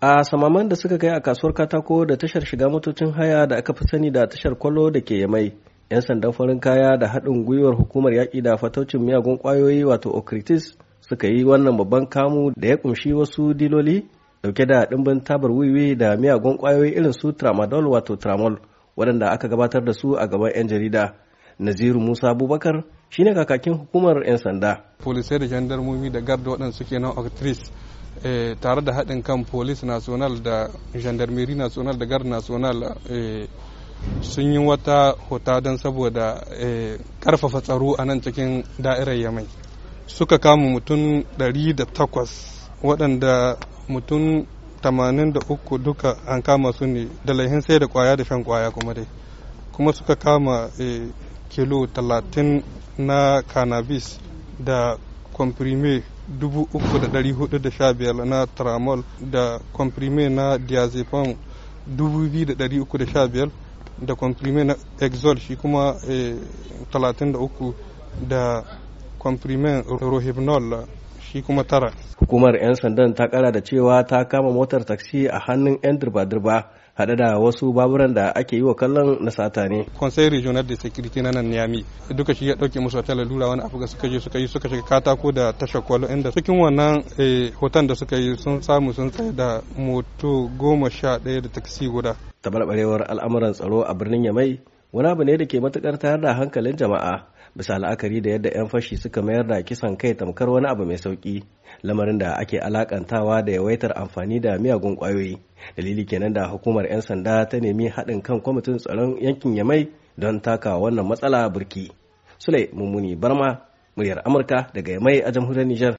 A samaman da suka kai a kasuwar katako da tashar shiga motocin haya da aka fi sani da tashar kwallo da ke yamai, 'yan sandan farin kaya da haɗin gwiwar hukumar yaƙi da fataucin miyagun ƙwayoyi wato okritis suka yi wannan babban kamu da ya ƙunshi wasu diloli dauke da ɗimbin tabar wiwi da miyagun ƙwayoyi irin su tramadol wato tramol waɗanda aka gabatar da su a gaban 'yan jarida. Naziru Musa Abubakar shine kakakin hukumar 'yan sanda. Polisai da jandarmomi da gardo waɗanda suke nan Octris eh, tare da haɗin kan polis national da gendarmerie national da garda national eh, sun yi wata hota don saboda eh, ƙarfafa tsaro a nan cikin da'irar yamai suka kama mutum 108 waɗanda mutum uku duka an kama su ne da laihin sai da kwaya da shan kwaya kuma dai kuma suka kama kilo talatin na cannabis da comprime 3,415 na tramol da comprime na diazepam 2,315 da comprime na exol shi kuma 33 eh, da comprime rohypnol shi kuma tara hukumar 'yan sandan ta kara da cewa ta kama motar taksi a hannun 'yan dirba-dirba haɗe da wasu baburan da ake yi wa kallon na sata ne. Conseil Regional de Security na nan Niamey duka shi ya ɗauke musu wata lalura wani abu suka je suka yi suka shiga katako da tashar kwalo inda cikin wannan eh, hoton da suka yi sun samu sun tsaye da moto goma sha ɗaya da taksi guda. Tabarbarewar al'amuran tsaro a birnin Yamai wani abu ne da ke matuƙar tayar da hankalin jama'a bisa la'akari da yadda 'yan fashi suka mayar da kisan kai tamkar wani abu mai sauki lamarin da ake alakantawa da yawaitar amfani da miyagun kwayoyi dalili kenan da hukumar 'yan sanda ta nemi haɗin kan kwamitin tsaron yankin yamai don taka wannan matsala burki sulai mummuni barma muryar amurka daga yamai a jamhuriyar nijar